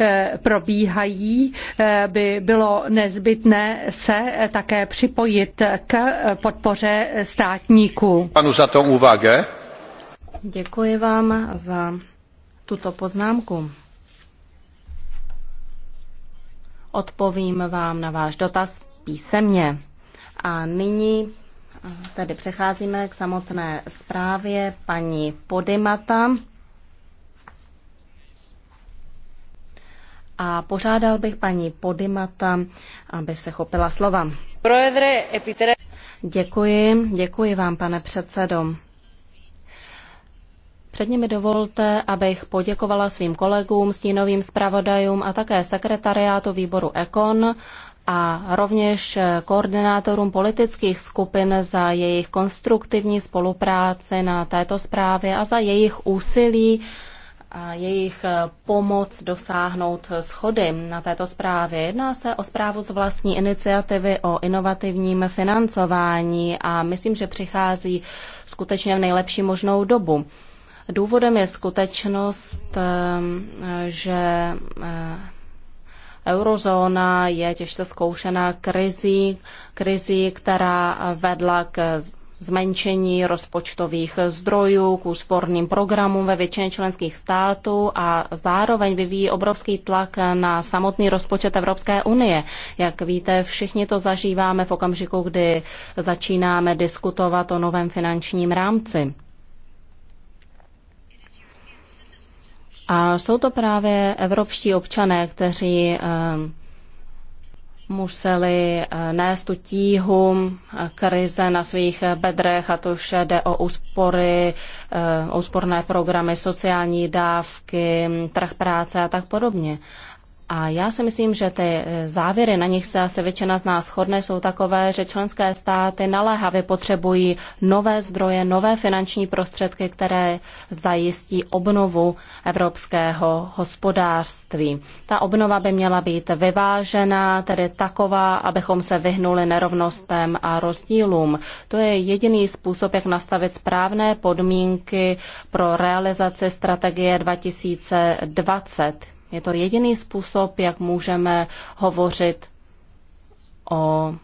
Eh, probíhají, eh, by bylo nezbytné se také připojit k podpoře státníků. Panu za to úvage. Děkuji vám za tuto poznámku. Odpovím vám na váš dotaz písemně. A nyní eh, tedy přecházíme k samotné zprávě paní Podimata. a požádal bych paní Podimata, aby se chopila slova. Děkuji, děkuji vám, pane předsedo. Předně mi dovolte, abych poděkovala svým kolegům, stínovým zpravodajům a také sekretariátu výboru EKON a rovněž koordinátorům politických skupin za jejich konstruktivní spolupráci na této zprávě a za jejich úsilí a jejich eh, pomoc dosáhnout eh, schody na této zprávě. Jedná se o zprávu z vlastní iniciativy o inovativním financování a myslím, že přichází skutečně v nejlepší možnou dobu. Důvodem je skutečnost, eh, že eurozóna je těžce zkoušená krizí, krizí, která vedla k zmenšení rozpočtových zdrojů, k úsporným programům ve většině členských států a zároveň vyvíjí obrovský tlak na samotný rozpočet Evropské unie. Jak víte, všichni to zažíváme v okamžiku, kdy začínáme diskutovat o novém finančním rámci. A jsou to právě evropští občané, kteří eh, museli eh, nést tu tíhu eh, krize na svých bedrech, a to už jde o úspory, eh, úsporné programy, sociální dávky, trh práce a tak podobně. A já si myslím, že ty eh, závěry, na nich se asi většina z nás shodne, jsou takové, že členské státy naléhavě potřebují nové zdroje, nové finanční prostředky, které zajistí obnovu evropského hospodářství. Ta obnova by měla být vyvážená, tedy taková, abychom se vyhnuli nerovnostem a rozdílům. To je jediný způsob, jak nastavit správné podmínky pro realizaci strategie 2020. Je to jediný způsob, jak můžeme hovořit o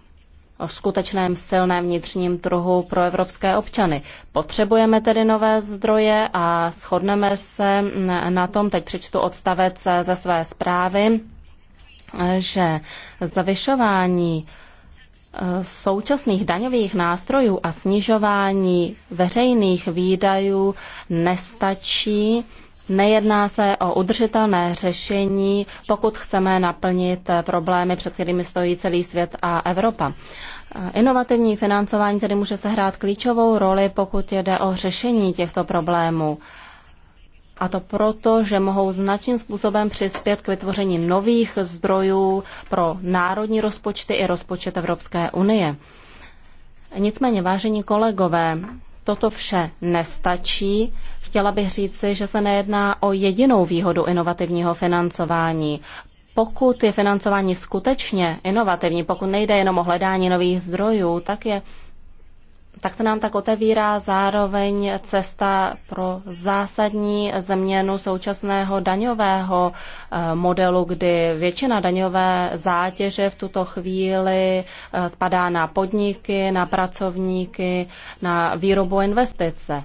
o skutečném silném vnitřním trhu pro evropské občany. Potřebujeme tedy nové zdroje a shodneme se na tom, teď přečtu odstavec ze své zprávy, že zavyšování eh, současných daňových nástrojů a snižování veřejných výdajů nestačí Nejedná se o udržitelné řešení, pokud chceme naplnit problémy, před kterými stojí celý svět a Evropa. Inovativní financování tedy může sehrát klíčovou roli, pokud jde o řešení těchto problémů. A to proto, že mohou značným způsobem přispět k vytvoření nových zdrojů pro národní rozpočty i rozpočet Evropské unie. Nicméně, vážení kolegové, toto vše nestačí. Chtěla bych říci, že se nejedná o jedinou výhodu inovativního financování. Pokud je financování skutečně inovativní, pokud nejde jenom o hledání nových zdrojů, tak je tak se nám tak otevírá zároveň cesta pro zásadní změnu současného daňového eh, modelu, kdy většina daňové zátěže v tuto chvíli eh, spadá na podniky, na pracovníky, na výrobu investice.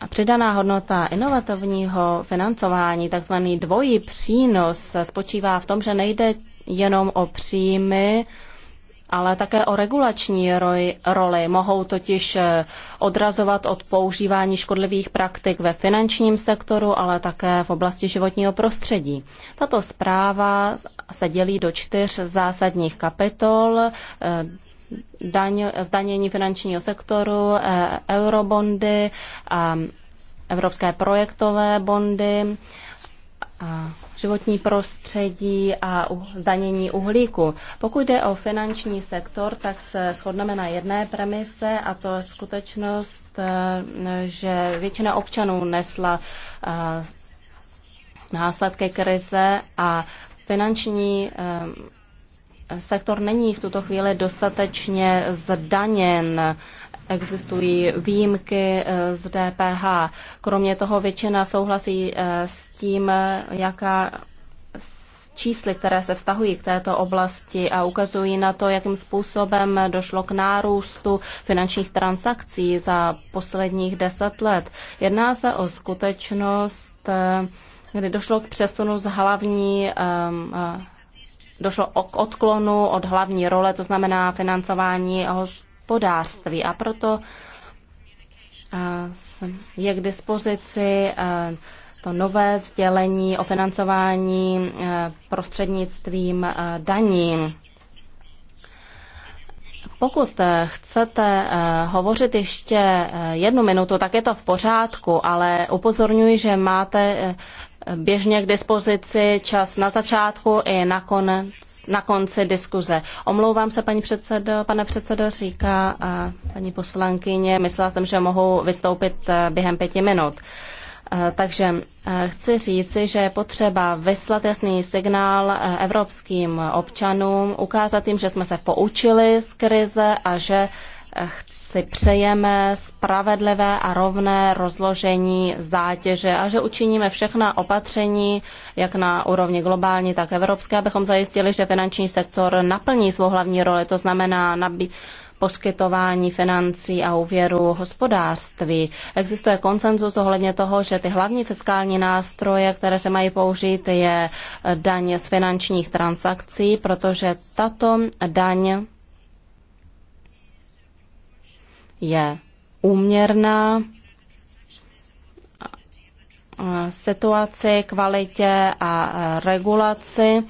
A přidaná hodnota inovativního financování, takzvaný dvojí přínos, spočívá v tom, že nejde jenom o příjmy, ale také o regulační roli. Mohou totiž eh, odrazovat od používání škodlivých praktik ve finančním sektoru, ale také v oblasti životního prostředí. Tato zpráva se dělí do čtyř zásadních kapitol eh, daň, zdanění finančního sektoru, eh, eurobondy, mm, evropské projektové bondy životní prostředí a zdanění uhlíku. Pokud jde o finanční sektor, tak se shodneme na jedné premise a to je skutečnost, eh, že většina občanů nesla eh, následky krize a finanční eh, sektor není v tuto chvíli dostatečně zdaněn existují výjimky eh, z DPH. Kromě toho většina souhlasí eh, s tím, jaká čísly, které se vztahují k této oblasti a ukazují na to, jakým způsobem došlo k nárůstu finančních transakcí za posledních deset let. Jedná se o skutečnost, eh, kdy došlo k přesunu z hlavní došlo k odklonu od hlavní role, to znamená financování hospodářství hospodářství a proto eh, je k dispozici eh, to nové sdělení o financování eh, prostřednictvím daní. Pokud chcete hovořit ještě jednu minutu, tak je to v pořádku, ale upozorňuji, že máte běžně k dispozici čas na začátku i na konec na konci diskuze. Omlouvám se, paní předsedo, pane předsedo, říká a paní poslankyně. Myslela jsem, že mohu vystoupit e, během pěti minut. E, takže e, chci říci, že je potřeba vyslat jasný signál evropským občanům, ukázat jim, že jsme se poučili z krize a že si přejeme spravedlivé a rovné rozložení zátěže a že učiníme všechna opatření, jak na úrovni globální, tak evropské, abychom zajistili, že finanční sektor naplní svou hlavní roli, to znamená nabít poskytování financí a úvěru hospodářství. Existuje konsenzus ohledně toho, že ty hlavní fiskální nástroje, které se mají použít, je daň z finančních transakcí, protože tato daň je úměrná situaci, kvalitě a regulaci.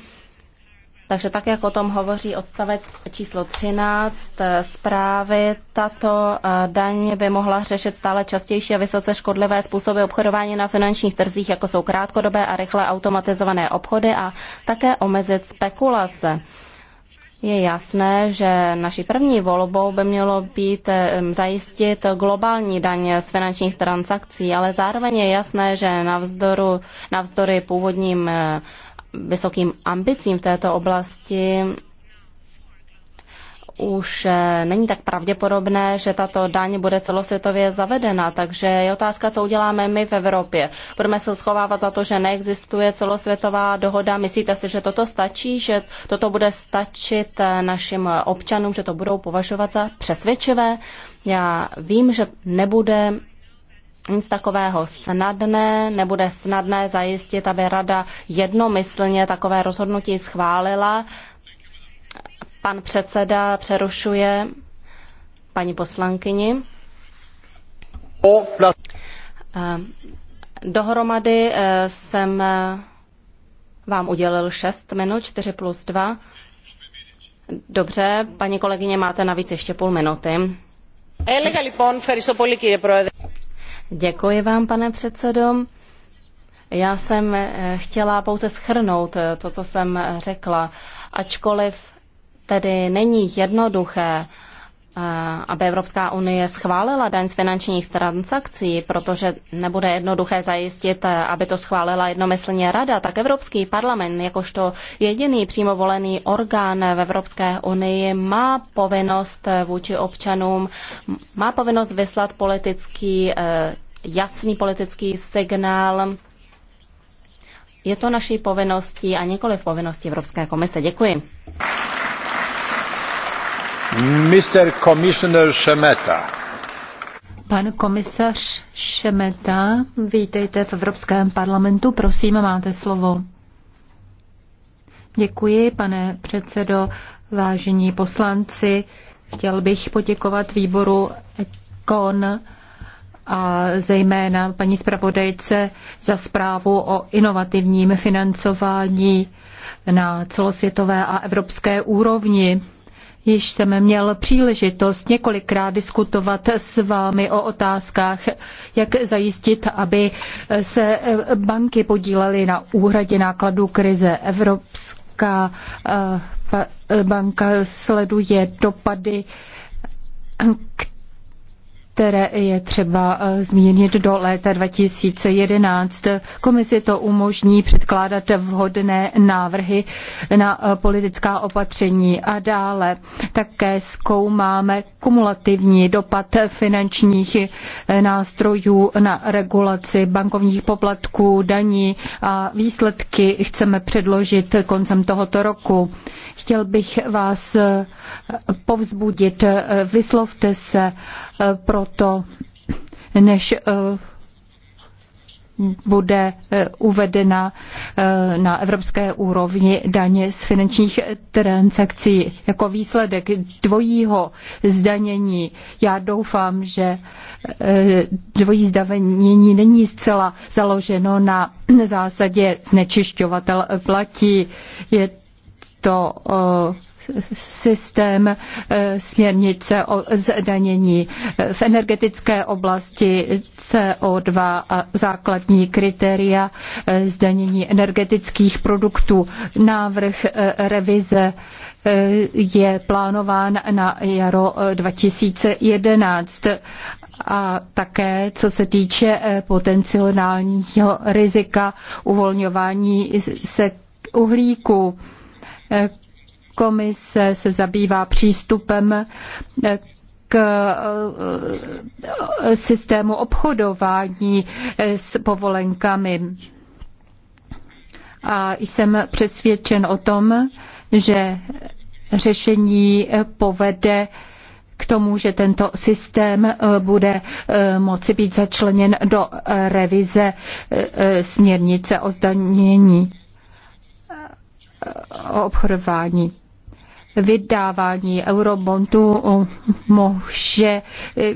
Takže tak, jak o tom hovoří odstavec číslo 13 zprávy, tato eh, daň by mohla řešit stále častější a vysoce škodlivé způsoby obchodování na finančních trzích, jako jsou krátkodobé a rychle automatizované obchody a také omezit spekulace je jasné, že naší první volbou by mělo být zajistit globální daň z finančních transakcí, ale zároveň je jasné, že navzdoru, navzdory původním eh, vysokým ambicím v této oblasti už eh, není tak pravděpodobné, že tato daň bude celosvětově zavedena. Takže je otázka, co uděláme my v Evropě. Budeme se schovávat za to, že neexistuje celosvětová dohoda. Myslíte si, že toto stačí, že toto bude stačit eh, našim občanům, že to budou považovat za přesvědčivé? Já vím, že nebude nic takového snadné, nebude snadné zajistit, aby rada jednomyslně takové rozhodnutí schválila Pan předseda přerušuje paní poslankyni. Eh, dohromady eh, jsem eh, vám udělil 6 minut, 4 plus 2. Dobře, paní kolegyně, máte navíc ještě půl minuty. Děkuji vám, pane předsedo. Já jsem chtěla pouze schrnout to, co jsem řekla, ačkoliv tedy není jednoduché, eh, aby Evropská unie schválila daň z finančních transakcí, protože nebude jednoduché zajistit, eh, aby to schválila jednomyslně rada, tak Evropský parlament jakožto jediný přímo volený orgán v Evropské unii má povinnost eh, vůči občanům, má povinnost vyslat politický, jasný politický signál. Je to naší povinností a nikoli povinnosti Evropské komise. Děkuji. Pane Commissioner Šemeta. Pan komisař Šemeta, vítejte v Evropském parlamentu. Prosím, máte slovo. Děkuji, pane předsedo, vážení poslanci. Chtěl bych poděkovat výboru ECON a zejména paní zpravodajce za zprávu o inovativním financování na celosvětové a evropské úrovni. Již jsem měl příležitost několikrát diskutovat s vámi o otázkách, jak zajistit, aby se banky podílely na úhradě nákladů krize. Evropská eh, banka sleduje dopady, které které je třeba eh, zmínit do léta 2011. Komisi to umožní předkládat vhodné návrhy na eh, politická opatření a dále také zkoumáme kumulativní dopad finančních eh, nástrojů na regulaci bankovních poplatků, daní a výsledky chceme předložit koncem tohoto roku. Chtěl bych vás povzbudit, vyslovte se pro proto, než eh, bude eh, uvedena eh, na evropské úrovni daně z finančních transakcí jako výsledek dvojího zdanění. Já doufám, že dvojí zdanění není zcela založeno na zásadě znečišťovatel platí. Je to systém eh, směrnice o zdanění v energetické oblasti CO2 a základní kritéria eh, zdanění energetických produktů. Návrh eh, revize je plánován na jaro 2011 a také co se týče potenciálního rizika uvolňování se uhlíku komise se zabývá přístupem eh, k eh, systému obchodování eh, s povolenkami. A jsem přesvědčen o tom, že řešení povede k tomu, že tento systém bude moci být začleněn do revize směrnice o zdanění o obchodování vydávání eurobondů může eh,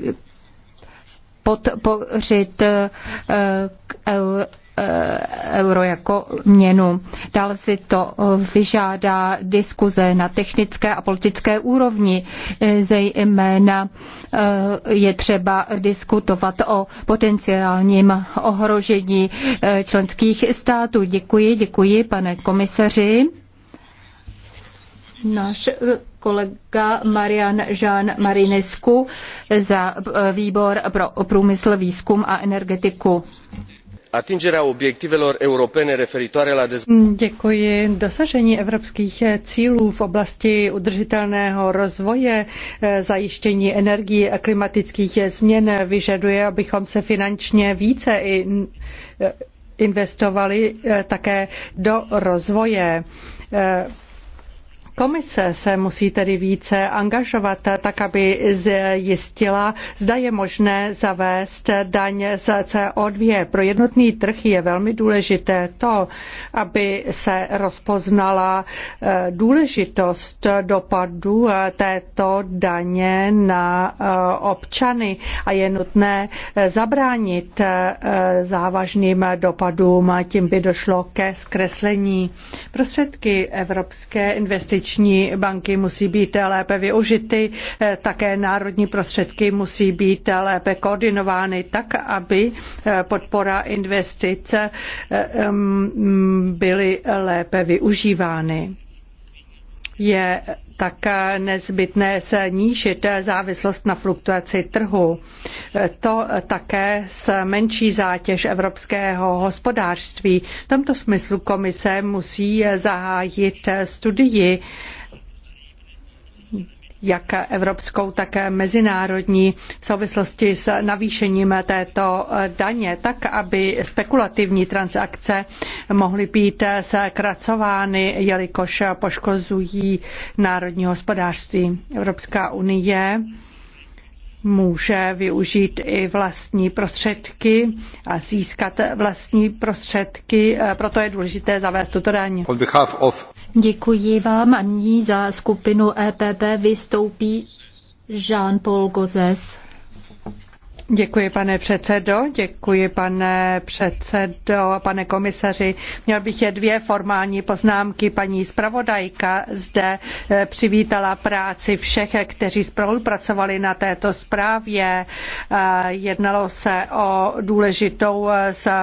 podpořit eh, eh, euro jako měnu. Dále si to vyžádá diskuze na technické a politické úrovni. Zejména je třeba diskutovat o potenciálním ohrožení členských států. Děkuji, děkuji, pane komisaři. Náš eh, kolega Marian Jean Marinescu za eh, výbor pro průmysl, výzkum a energetiku atingerea obiectivelor europene referitoare la mm, Děkuji. Dosažení evropských eh, cílů v oblasti udržitelného rozvoje, zajištění energie a klimatických změn vyžaduje, abychom se finančně více investovali také do rozvoje Komise se musí tedy více angažovat, tak aby zjistila, zda je možné zavést daň z CO2. Pro jednotný trh je velmi důležité to, aby se rozpoznala eh, důležitost dopadu eh, této daně na eh, občany a je nutné zabránit závažným dopadům, tím by došlo ke zkreslení prostředky Evropské investiční investiční banky musí být lépe využity, eh, také národní prostředky musí být lépe koordinovány tak, aby eh, podpora investic eh, byly lépe využívány je tak nezbytné snížit závislost na fluktuaci trhu. To také zmenší zátěž evropského hospodářství. V tomto smyslu komise musí zahájit studii jak evropskou, tak mezinárodní v souvislosti s navýšením této daně, tak aby spekulativní transakce mohly být zkracovány, jelikož poškozují národní hospodářství. Evropská unie může využít i vlastní prostředky a získat vlastní prostředky, proto je důležité zavést tuto daň. Of... Děkuji vám a nyní za skupinu EPP vystoupí Jean-Paul Gozes. Děkuji, pane předsedo, děkuji, pane předsedo, pane komisaři. Měl bych je dvě formální poznámky. Paní zpravodajka zde eh, přivítala práci všech, eh, kteří spolupracovali na této zprávě. Eh, jednalo se o důležitou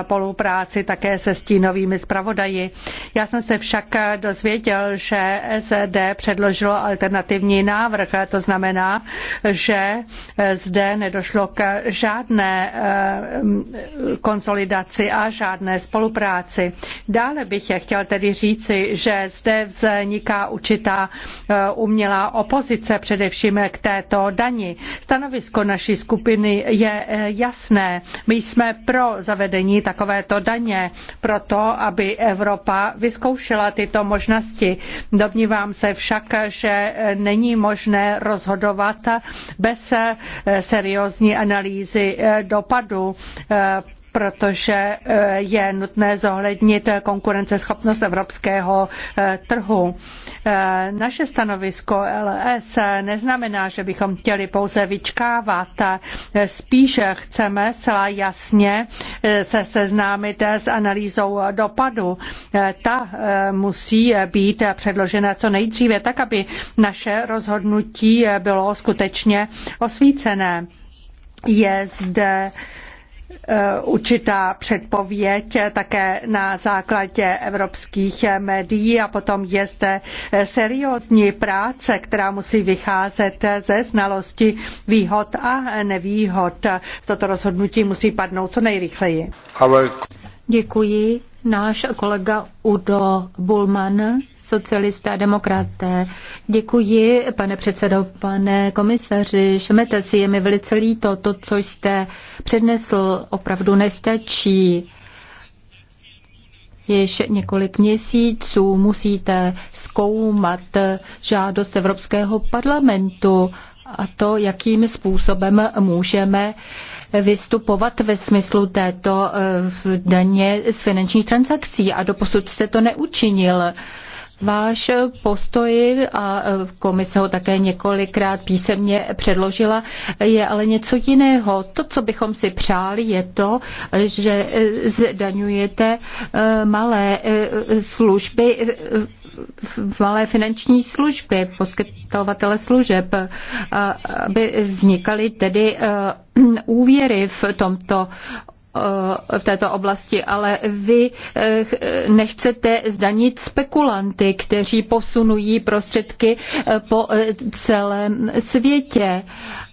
spolupráci také se stínovými zpravodaji. Já jsem se však dozvěděl, že SD předložilo alternativní návrh, to znamená, že zde nedošlo k žádné eh, konsolidaci a žádné spolupráci. Dále bych chtěl tedy říci, že zde vzniká určitá eh, umělá opozice, především k této dani. Stanovisko naší skupiny je eh, jasné. My jsme pro zavedení takovéto daně, proto, aby Evropa vyzkoušela tyto možnosti. Domnívám se však, že není možné rozhodovat bez seriózní analýzy analýzy eh, dopadu eh, protože eh, je nutné zohlednit konkurenceschopnost evropského trhu. Naše stanovisko LS neznamená, že bychom chtěli pouze vyčkávat, spíše chceme zcela jasně se seznámit s analýzou dopadu. Ta musí být předložena co nejdříve, tak aby naše rozhodnutí bylo skutečně osvícené je zde e, určitá předpověď také na základě evropských médií a potom je zde seriózní práce, která musí vycházet ze znalosti výhod a nevýhod. Toto rozhodnutí musí padnout co nejrychleji. Děkuji. Náš kolega Udo Bulman, socialista a demokraté. Děkuji, pane předsedo, pane komisaři Šemete, si je mi velice líto. To, co jste přednesl, opravdu nestačí. Již několik měsíců musíte zkoumat žádost Evropského parlamentu a to, jakým způsobem můžeme vystupovat ve smyslu této eh, daně z finančních transakcí a doposud jste to neučinil váš postoj a komise ho také několikrát písemně předložila, je ale něco jiného. To, co bychom si přáli, je to, že zdaňujete eh, malé eh, služby eh, malé finanční služby, poskytovatele služeb, aby vznikaly tedy úvěry v tomto Eh, v této oblasti, ale vy eh, nechcete zdanit spekulanty, kteří posunují prostředky eh, po celém světě.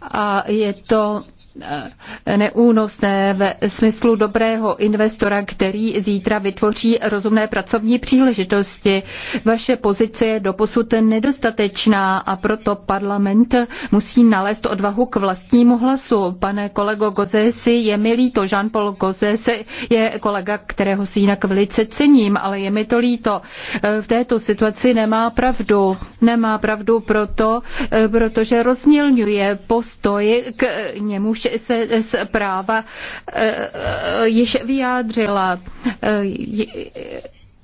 A je to Eh, neúnosné ve smyslu dobrého investora, který zítra vytvoří rozumné pracovní příležitosti. Vaše pozice je doposud nedostatečná a proto parlament musí nalézt odvahu k vlastnímu hlasu. Pane kolego Gozesi, je mi líto, Jean-Paul Gozes je kolega, kterého si jinak velice cením, ale je mi to líto. Eh, v této situaci nemá pravdu. Nemá pravdu proto, eh, protože rozmělňuje postoj k němuž se zpráva eh, eh, již vyjádřila. Eh,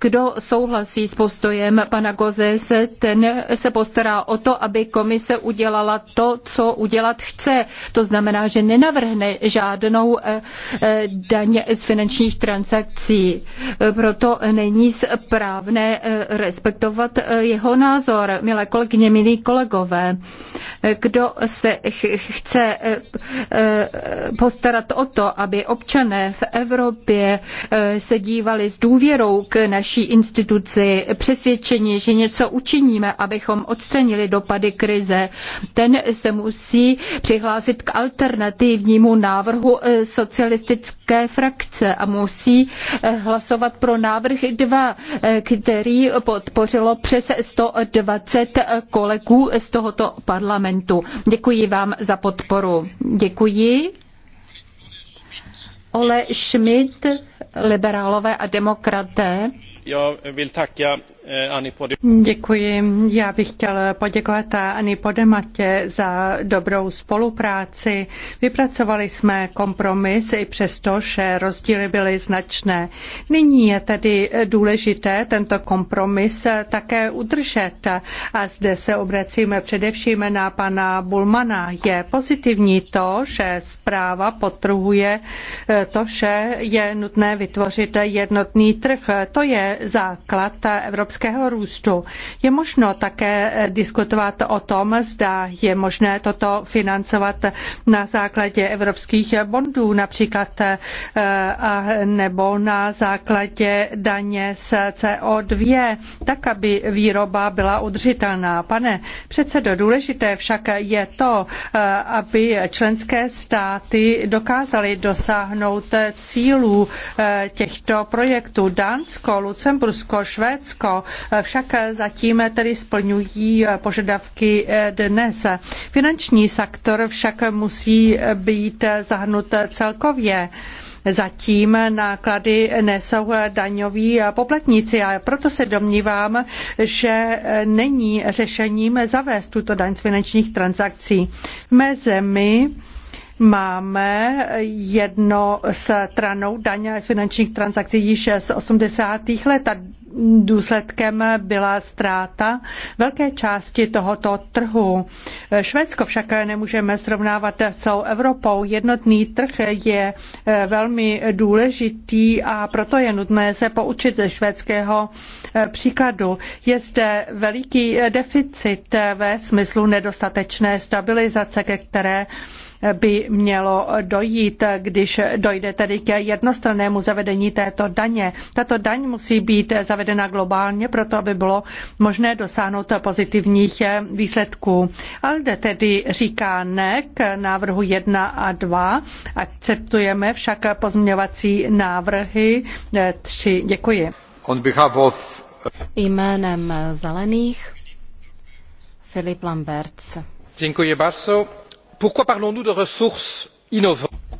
kdo souhlasí s postojem pana se ten se postará o to, aby komise udělala to, co udělat chce. To znamená, že nenavrhne žádnou eh, eh, daň z finančních transakcí. Proto není správné eh, respektovat jeho názor. Milé kolegyně, milí kolegové, kdo se chce postarat o to, aby občané v Evropě se dívali s důvěrou k naší naší instituci přesvědčeni, že něco učiníme, abychom odstranili dopady krize, ten se musí přihlásit k alternativnímu návrhu eh, socialistické frakce a musí eh, hlasovat pro návrh 2, eh, který podpořilo přes 120 kolegů z tohoto parlamentu. Děkuji vám za podporu. Děkuji. Ole Schmidt, liberálové a demokraté. Eh, Děkuji. Já bych chtěl poděkovat Ani Podematě za dobrou spolupráci. Vypracovali jsme kompromis i přesto, že rozdíly byly značné. Nyní je tedy důležité tento kompromis také udržet. A zde se obracíme především na pana Bulmana. Je pozitivní to, že zpráva potrhuje eh, to, že je nutné vytvořit jednotný trh. To je základ evropského růstu. Je možno také diskutovat o tom, zda je možné toto financovat na základě evropských bondů například eh, a nebo na základě daně z CO2, tak aby výroba byla udržitelná. Pane předsedo, důležité však je to, eh, aby členské státy dokázaly dosáhnout cílů eh, těchto projektů. Dánsko, Lucembursko, Lucembursko, Švédsko eh, však eh, zatím eh, tedy splňují požadavky dnes. Finanční sektor však musí být zahrnut celkově. Zatím náklady nesou daňoví poplatníci a proto se domnívám, že není řešením zavést tuto daň z finančních transakcí. V mé zemi máme jedno stranou daň z finančních transakcí již z 80. let a důsledkem byla ztráta velké části tohoto trhu. Švédsko však nemůžeme srovnávat s celou Evropou. Jednotný trh je velmi důležitý a proto je nutné se poučit ze švédského příkladu. Je zde veliký deficit ve smyslu nedostatečné stabilizace, ke které by mělo dojít, když dojde tedy k jednostrannému zavedení této daně. Tato daň musí být zavedena globálně, proto aby bylo možné dosáhnout pozitivních výsledků. ALDE tedy říká ne k návrhu 1 a 2. Akceptujeme však pozměňovací návrhy 3. Děkuji. On behalf of... Jménem zelených Filip Lamberts. Děkuji bardzo.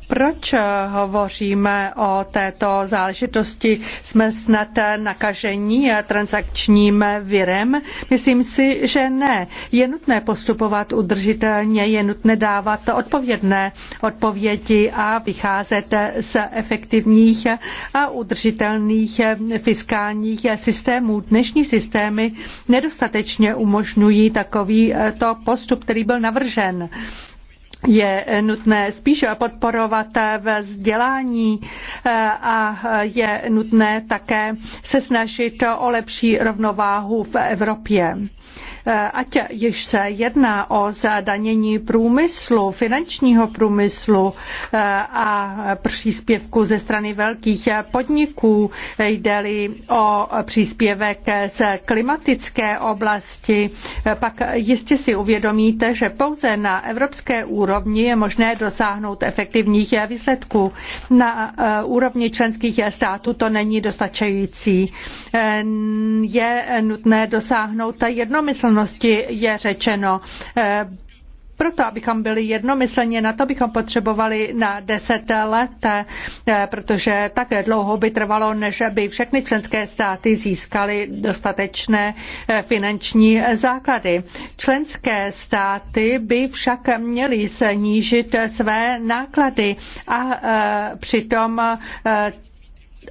Proč eh, hovoříme o této záležitosti? Jsme snad eh, nakažení eh, transakčním virem? Myslím si, že ne. Je nutné postupovat udržitelně, je nutné dávat odpovědné odpovědi a vycházet z efektivních a udržitelných fiskálních systémů. Dnešní systémy nedostatečně umožňují takovýto postup, který byl navržen je nutné spíše podporovat ve vzdělání eh, a je nutné také se snažit o lepší rovnováhu v Evropě. Eh, ať již se jedná o zdanění průmyslu, finančního průmyslu eh, a příspěvku ze strany velkých podniků, jde-li o příspěvek z klimatické oblasti, eh, pak jistě si uvědomíte, že pouze na evropské úrovni je možné dosáhnout efektivních výsledků. Na úrovni členských států to není dostačující. Je nutné dosáhnout jednomyslnosti přítomnosti je řečeno. Eh, proto, abychom byli jednomyslně, na to bychom potřebovali na deset let, eh, protože také dlouho by trvalo, než by všechny členské státy získaly dostatečné eh, finanční základy. Členské státy by však měly snížit své náklady a přitom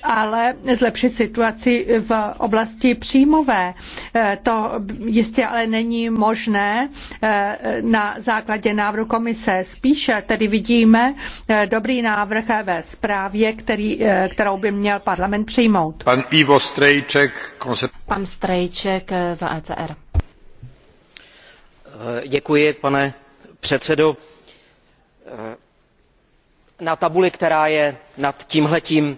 ale zlepšit situaci v oblasti příjmové. Eh, to jistě ale není možné eh, na základě návrhu komise. Spíše tedy vidíme eh, dobrý návrh ve zprávě, který, kterou by měl parlament přijmout. Pan Ivo Strejček. konce... Pan Strejček za ECR. Děkuji, pane předsedo. Na tabuli, která je nad tímhletím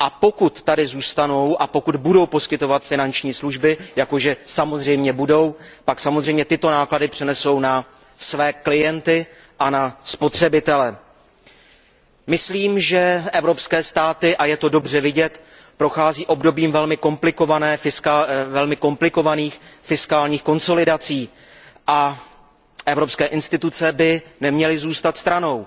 a pokud tady zůstanou a pokud budou poskytovat finanční služby jako že samozřejmě budou pak samozřejmě tyto náklady přenesou na své klienty a na spotřebitele. myslím že evropské státy a je to dobře vidět prochází obdobím velmi eh, komplikovaných fiskálních konsolidací a evropské instituce by neměly zůstat stranou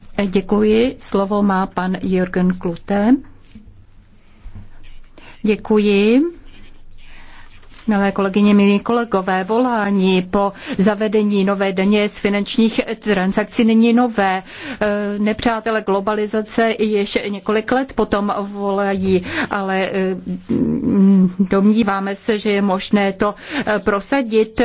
Eh, děkuji. Slovo má pan Jürgen Klute. Děkuji. Milé kolegyně, milí kolegové, volání po zavedení nové daně z finančních transakcí není nové. E, nepřátelé globalizace již několik let potom volají, ale e, domníváme se, že je možné to e, prosadit,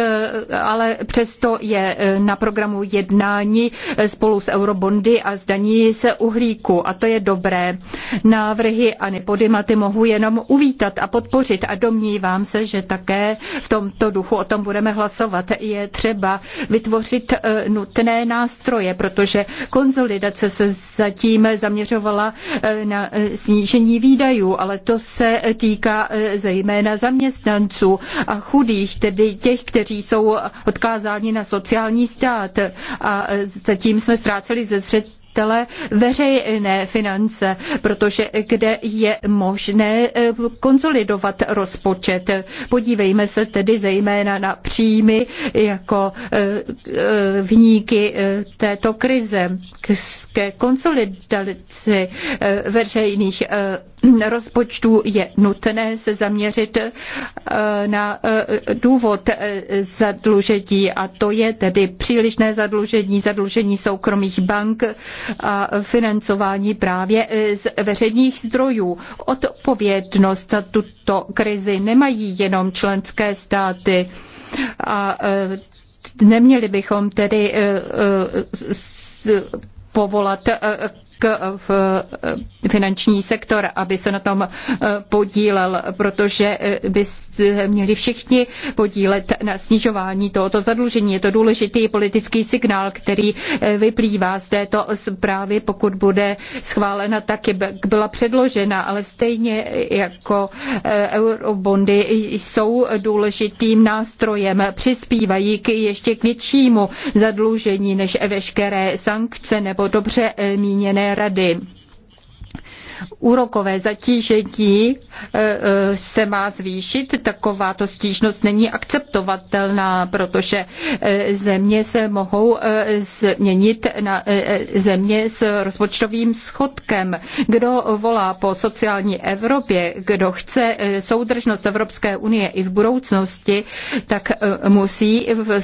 ale přesto je na programu jednání spolu s eurobondy a zdaní se uhlíku a to je dobré. Návrhy a nepodimaty mohu jenom uvítat a podpořit a domnívám se, že tak také v tomto duchu o tom budeme hlasovat. Je třeba vytvořit e, nutné nástroje, protože konzolidace se zatím zaměřovala e, na e, snížení výdajů, ale to se týká zejména zaměstnanců a chudých, tedy těch, kteří jsou odkázáni na sociální stát. A zatím jsme ztráceli ze zřetele zřetele veřejné finance, protože kde je možné eh, konsolidovat rozpočet. Podívejme se tedy zejména na příjmy jako eh, eh, vníky této krize ke konsolidaci veřejných rozpočtu je nutné se zaměřit eh, na eh, důvod eh, zadlužení a to je tedy přílišné zadlužení, zadlužení soukromých bank a financování právě z veřejných zdrojů. Odpovědnost za tuto krizi nemají jenom členské státy a neměli bychom tedy povolat v eh, finanční sektor, aby se na tom eh, podílel, protože eh, by se měli všichni podílet na snižování tohoto zadlužení. Je to důležitý politický signál, který vyplývá z této zprávy, pokud bude schválena tak, jak byla předložena, ale stejně jako eurobondy jsou důležitým nástrojem, přispívají k ještě k většímu zadlužení než veškeré sankce nebo dobře míněné rady úrokové zatížení e, e, se má zvýšit, takováto stížnost není akceptovatelná, protože e, země se mohou změnit na země s rozpočtovým schodkem. Kdo volá po sociální Evropě, kdo chce soudržnost Evropské unie i v budoucnosti, tak musí v,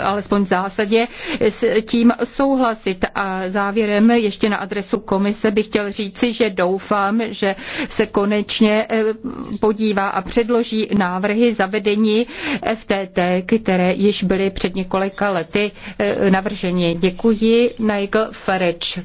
alespoň v zásadě s tím souhlasit. A závěrem ještě na adresu komise bych chtěl říci, že Doufám, že se konečně eh, podívá a předloží návrhy zavedení FTT, které již byly před několika lety eh, navrženy. Děkuji, Nigel Farage.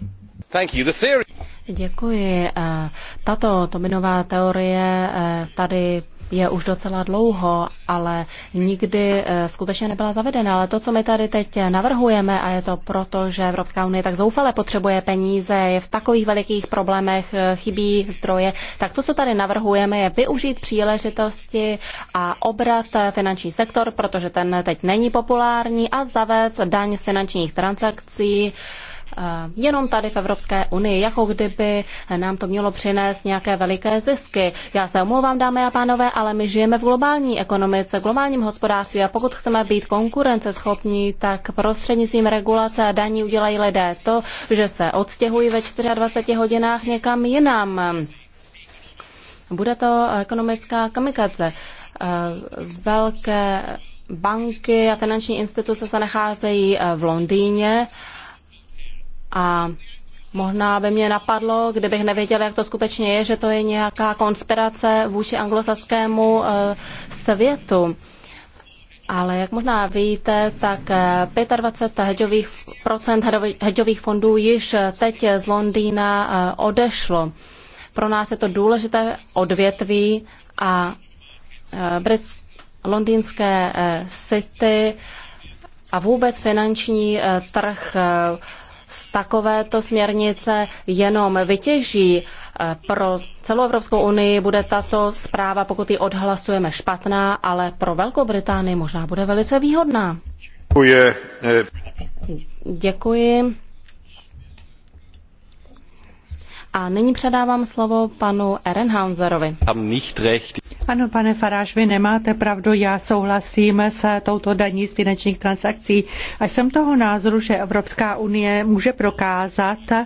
Děkuji. Eh, tato Tominová teorie tady je už docela dlouho, ale nikdy eh, skutečně nebyla zavedena. Ale to, co my tady teď navrhujeme, a je to proto, že Evropská unie tak zoufale potřebuje peníze, je v takových velikých problémech, eh, chybí zdroje, tak to, co tady navrhujeme, je využít příležitosti a obrat eh, finanční sektor, protože ten teď není populární, a zavést daň z finančních transakcí, Eh, jenom tady v Evropské unii, jako kdyby nám to mělo přinést nějaké veliké zisky. Já se omlouvám, dámy a pánové, ale my žijeme v globální ekonomice, v globálním hospodářství a pokud chceme být konkurenceschopní, tak prostřednictvím regulace a daní udělají lidé to, že se odstěhují ve 24 hodinách někam jinam. Bude to ekonomická kamikaze. Eh, velké banky a finanční instituce se nacházejí eh, v Londýně a Možná by mě napadlo, kdybych nevěděla, jak to skutečně je, že to je nějaká konspirace vůči anglosaskému eh, světu. Ale jak možná víte, tak 25 eh, hedžových, procent hedžových fondů již teď z Londýna eh, odešlo. Pro nás je to důležité odvětví a londýnské city a vůbec finanční trh takovéto směrnice jenom vytěží eh, pro celou Evropskou unii bude tato zpráva, pokud ji odhlasujeme, špatná, ale pro Velkou Británii možná bude velice výhodná. Děkuji. Děkuji. A nyní předávám slovo panu Erenhauserovi. Ano, pane Faráš, vy nemáte pravdu, já souhlasím s touto daní z finančních transakcí a jsem toho názoru, že Evropská unie může prokázat, eh,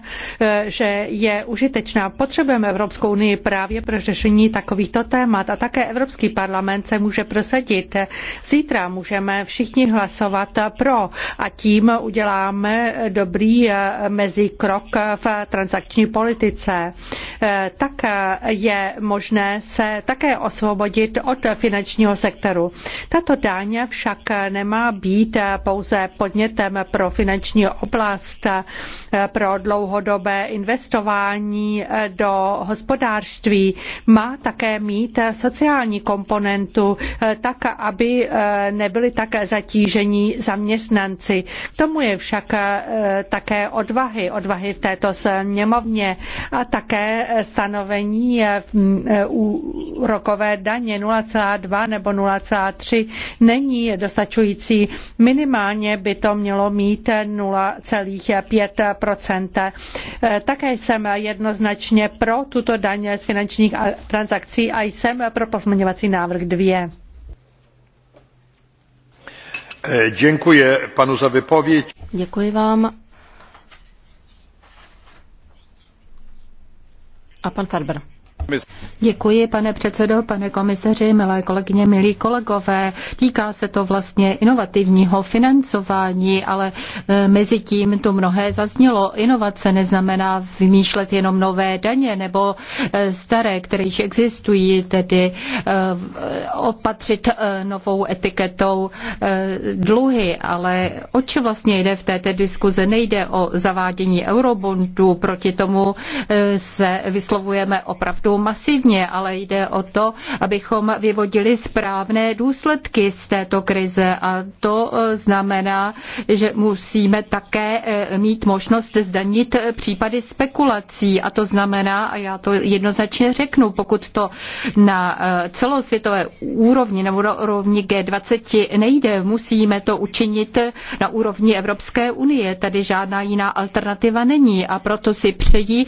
že je užitečná. Potřebujeme Evropskou unii právě pro řešení takovýchto témat a také Evropský parlament se může prosadit. Zítra můžeme všichni hlasovat pro a tím uděláme dobrý eh, mezikrok v transakční politice. Eh, tak je možné se také osvobodit osvobodit od finančního sektoru. Tato daň však nemá být pouze podnětem pro finanční oblast, pro dlouhodobé investování do hospodářství. Má také mít sociální komponentu, tak aby nebyli tak zatížení zaměstnanci. K tomu je však také odvahy, odvahy v této sněmovně a také stanovení úrokové daně 0,2 nebo 0,3 není dostačující. Minimálně by to mělo mít 0,5 Také jsem jednoznačně pro tuto daň z finančních transakcí a jsem pro pozměňovací návrh 2. Děkuji panu za vypověď. Děkuji vám. A pan Farber. Děkuji, pane předsedo, pane komisaři, milé kolegyně, milí kolegové. Týká se to vlastně inovativního financování, ale e, mezi tím tu mnohé zaznělo. Inovace neznamená vymýšlet jenom nové daně nebo e, staré, které již existují, tedy e, opatřit novou etiketou dluhy, ale o vlastně jde v této diskuze? Nejde o zavádění eurobondů, proti tomu se vyslovujeme opravdu masivně, ale jde o to, abychom vyvodili správné důsledky z této krize a to e, znamená, že musíme také e, mít možnost zdanit případy spekulací a to znamená, a já to jednoznačně řeknu, pokud to na e, celosvětové úrovni nebo na úrovni G20 nejde, musíme to učinit na úrovni Evropské unie. Tady žádná jiná alternativa není a proto si přeji,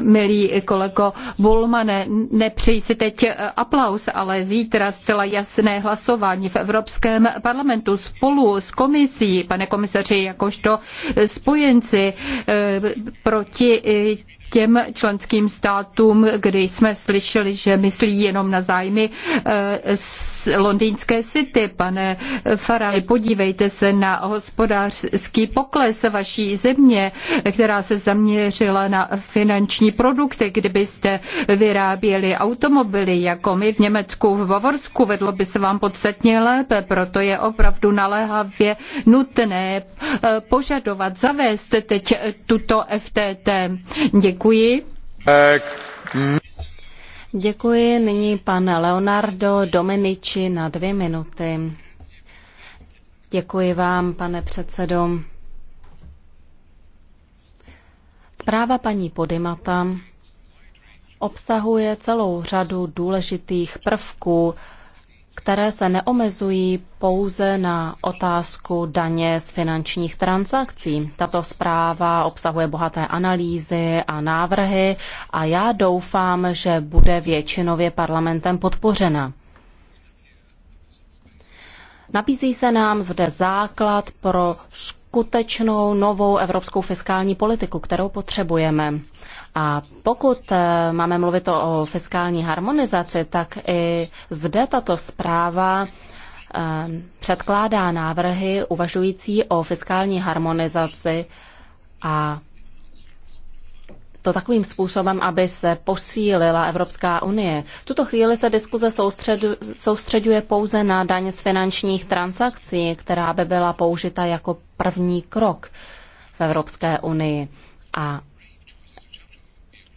milí kolego Bulman, Romane, nepřeji si teď eh, aplaus, ale zítra zcela jasné hlasování v Evropském parlamentu spolu s komisí, pane komisaři, jakožto eh, spojenci eh, proti těm členským státům, kdy jsme slyšeli, že myslí jenom na zájmy eh, z londýnské city. Pane Faraj, podívejte se na hospodářský pokles vaší země, která se zaměřila na finanční produkty. Kdybyste vyráběli automobily jako my v Německu, v Bavorsku, vedlo by se vám podstatně lépe, proto je opravdu naléhavě nutné eh, požadovat zavést teď tuto FTT. Děkuji Děkuji. Děkuji. Nyní pan Leonardo Domenici na dvě minuty. Děkuji vám, pane předsedo. Zpráva paní Podimata obsahuje celou řadu důležitých prvků, které se neomezují pouze na otázku daně z finančních transakcí. Tato zpráva obsahuje bohaté analýzy a návrhy a já doufám, že bude většinově parlamentem podpořena. Nabízí se nám zde základ pro skutečnou novou evropskou fiskální politiku, kterou potřebujeme. A pokud eh, máme mluvit o fiskální harmonizaci, tak i zde tato zpráva eh, předkládá návrhy uvažující o fiskální harmonizaci a to takovým způsobem, aby se posílila Evropská unie. V tuto chvíli se diskuze soustředuje pouze na daň z finančních transakcí, která by byla použita jako první krok v Evropské unii. A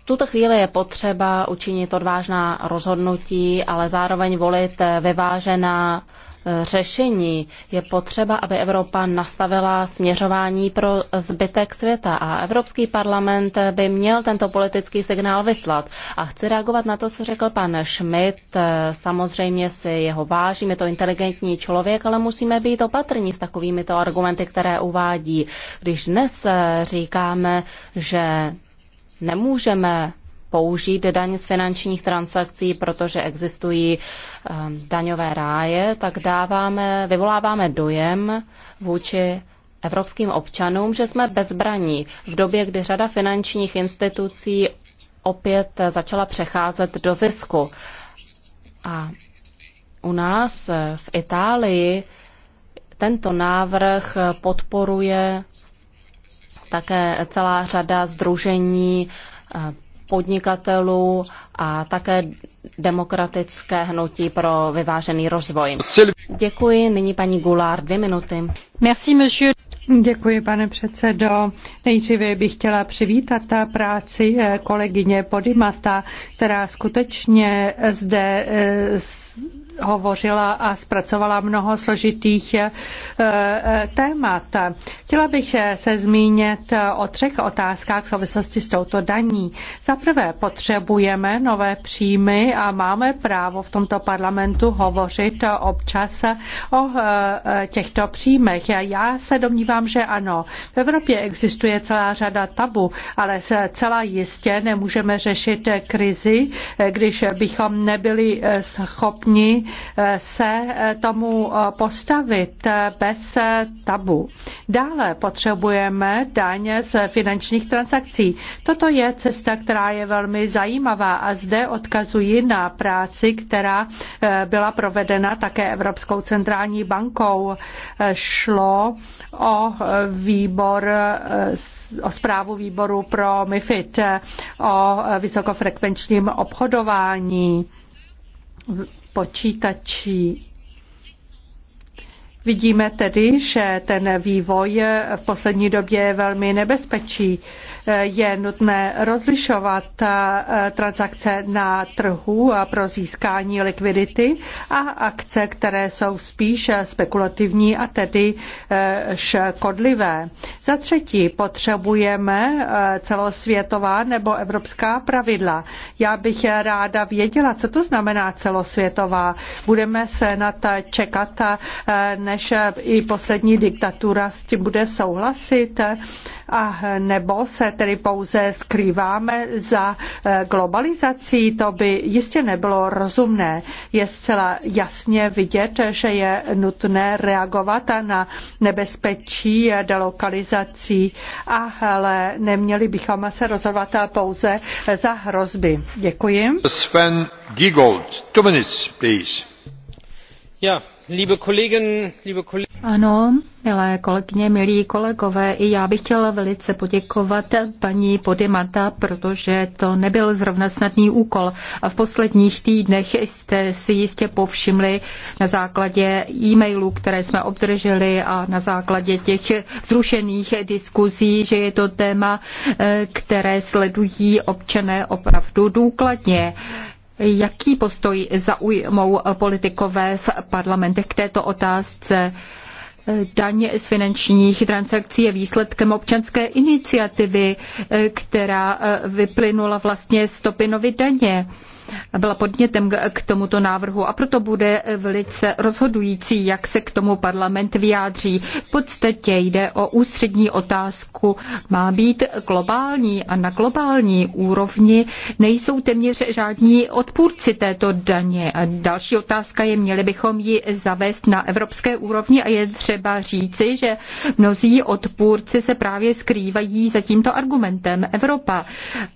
tuto chvíli je potřeba učinit odvážná rozhodnutí, ale zároveň volit vyvážená e, řešení. Je potřeba, aby Evropa nastavila směřování pro zbytek světa a Evropský parlament by měl tento politický signál vyslat. A chci reagovat na to, co řekl pan Schmidt. E, samozřejmě si jeho vážím, je to inteligentní člověk, ale musíme být opatrní s takovými to argumenty, které uvádí. Když dnes e, říkáme, že nemůžeme použít daň z finančních transakcí, protože existují ehm, daňové ráje, tak dáváme, vyvoláváme dojem vůči evropským občanům, že jsme bezbraní v době, kdy řada finančních institucí opět začala přecházet do zisku. A u nás v Itálii tento návrh podporuje také celá řada združení eh, podnikatelů a také demokratické hnutí pro vyvážený rozvoj. Děkuji. Nyní paní Gulár, dvě minuty. Merci, monsieur. Děkuji, pane předsedo. Nejdříve bych chtěla přivítat práci eh, kolegyně Podimata, která skutečně zde eh, hovořila a zpracovala mnoho složitých eh, témat. Chtěla bych eh, se zmínit o třech otázkách v souvislosti s touto daní. Za prvé, potřebujeme nové příjmy a máme právo v tomto parlamentu hovořit občas o eh, těchto příjmech. Já se domnívám, že ano. V Evropě existuje celá řada tabu, ale celá jistě nemůžeme řešit krizi, když bychom nebyli schopni se tomu postavit bez tabu. Dále potřebujeme daň z finančních transakcí. Toto je cesta, která je velmi zajímavá a zde odkazuji na práci, která eh, byla provedena také Evropskou centrální bankou. Eh, šlo o výbor, eh, o zprávu výboru pro MIFID, o vysokofrekvenčním obchodování počítačí Vidíme tedy, že ten vývoj v poslední době je velmi nebezpečí. Je nutné rozlišovat eh, transakce na trhu pro získání likvidity a akce, které jsou spíš spekulativní a tedy eh, škodlivé. Za třetí, potřebujeme eh, celosvětová nebo evropská pravidla. Já bych ráda věděla, co to znamená celosvětová. Budeme se na to čekat, než než i poslední diktatura s tím bude souhlasit, a nebo se tedy pouze skrýváme za eh, globalizací, to by jistě nebylo rozumné. Je zcela jasně vidět, že je nutné reagovat na nebezpečí delokalizací, ale neměli bychom se rozhodovat pouze za hrozby. Děkuji. Sven Giegold, two minutes, please. Yeah. Ano, milé kolegyně, milí kolegové, i já bych chtěla velice poděkovat paní Podimata, protože to nebyl zrovna snadný úkol. A v posledních týdnech jste si jistě povšimli na základě e-mailů, které jsme obdrželi a na základě těch zrušených diskuzí, že je to téma, eh, které sledují občané opravdu důkladně. Jaký postoj zaujmou politikové v parlamentech k této otázce? Daň z finančních transakcí je výsledkem občanské iniciativy, která vyplynula vlastně stopy Topinovy daně byla podnětem k tomuto návrhu a proto bude velice rozhodující, jak se k tomu parlament vyjádří. V podstatě jde o ústřední otázku, má být globální a na globální úrovni nejsou téměř žádní odpůrci této daně. A další otázka je, měli bychom ji zavést na evropské úrovni a je třeba říci, že mnozí odpůrci se právě skrývají za tímto argumentem Evropa.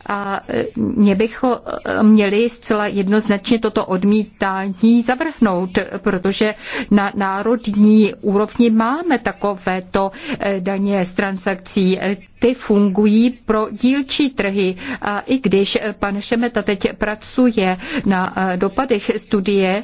A mě bychom měli zcela zcela jednoznačně toto odmítání zavrhnout, protože na národní úrovni máme takovéto eh, daně z transakcí. Ty fungují pro dílčí trhy. A i když eh, pan Šemeta teď pracuje na eh, dopadech studie,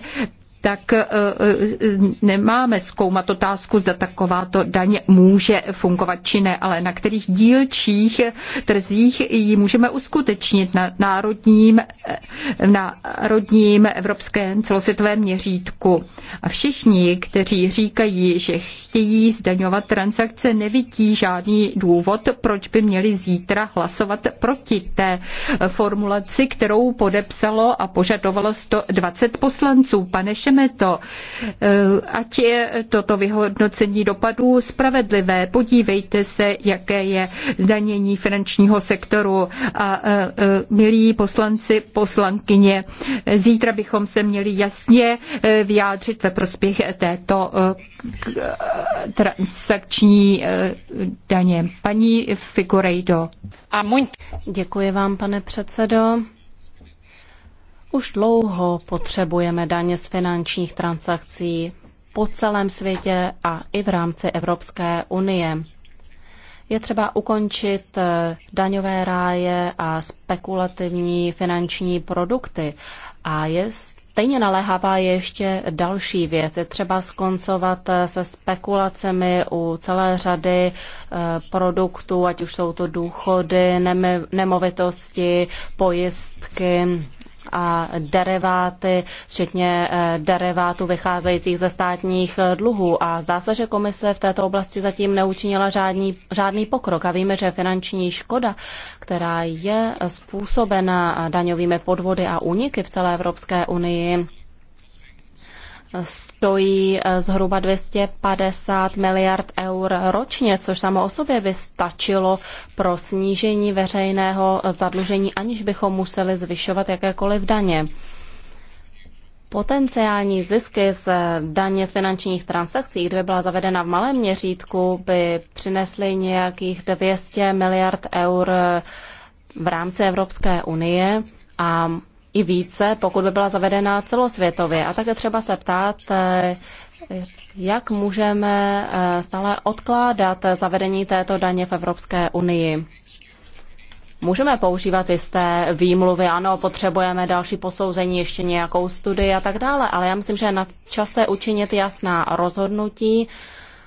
tak eh, eh, nemáme zkoumat otázku, zda takováto daň může fungovat či ne, ale na kterých dílčích trzích ji můžeme uskutečnit na národním, eh, na národním evropském celosvětovém měřítku. A všichni, kteří říkají, že chtějí zdaňovat transakce, nevidí žádný důvod, proč by měli zítra hlasovat proti té formulaci, kterou podepsalo a požadovalo 120 poslanců. Pane Šem Chceme to, eh, ať je toto vyhodnocení dopadů spravedlivé. Podívejte se, jaké je zdanění finančního sektoru. A eh, eh, milí poslanci, poslankyně, zítra bychom se měli jasně vyjádřit ve prospěch této transakční daně. Paní Figurejdo. Děkuji vám, pane předsedo. Už dlouho potřebujeme daně z finančních transakcí po celém světě a i v rámci Evropské unie. Je třeba ukončit eh, daňové ráje a spekulativní finanční produkty. A je Stejně naléhavá je ještě další věc. Je třeba skoncovat eh, se spekulacemi u celé řady eh, produktů, ať už jsou to důchody, nemovitosti, pojistky a deriváty, včetně eh, derivátů vycházejících ze státních eh, dluhů. A zdá se, že komise v této oblasti zatím neučinila žádný, žádný pokrok. A víme, že finanční škoda, která je způsobena daňovými podvody a úniky v celé Evropské unii, stojí eh, zhruba 250 miliard eur ročně, což samo o sobě by stačilo pro snížení veřejného eh, zadlužení, aniž bychom museli zvyšovat jakékoliv daně. Potenciální zisky z eh, daně z finančních transakcí, kdyby byla zavedena v malém měřítku, by přinesly nějakých 200 miliard eur v rámci Evropské unie a i více, pokud by byla zavedena celosvětově. A také třeba se ptát, eh, jak můžeme eh, stále odkládat zavedení této daně v Evropské unii. Můžeme používat jisté výmluvy, ano, potřebujeme další posouzení, ještě nějakou studii a tak dále, ale já myslím, že je na čase učinit jasná rozhodnutí,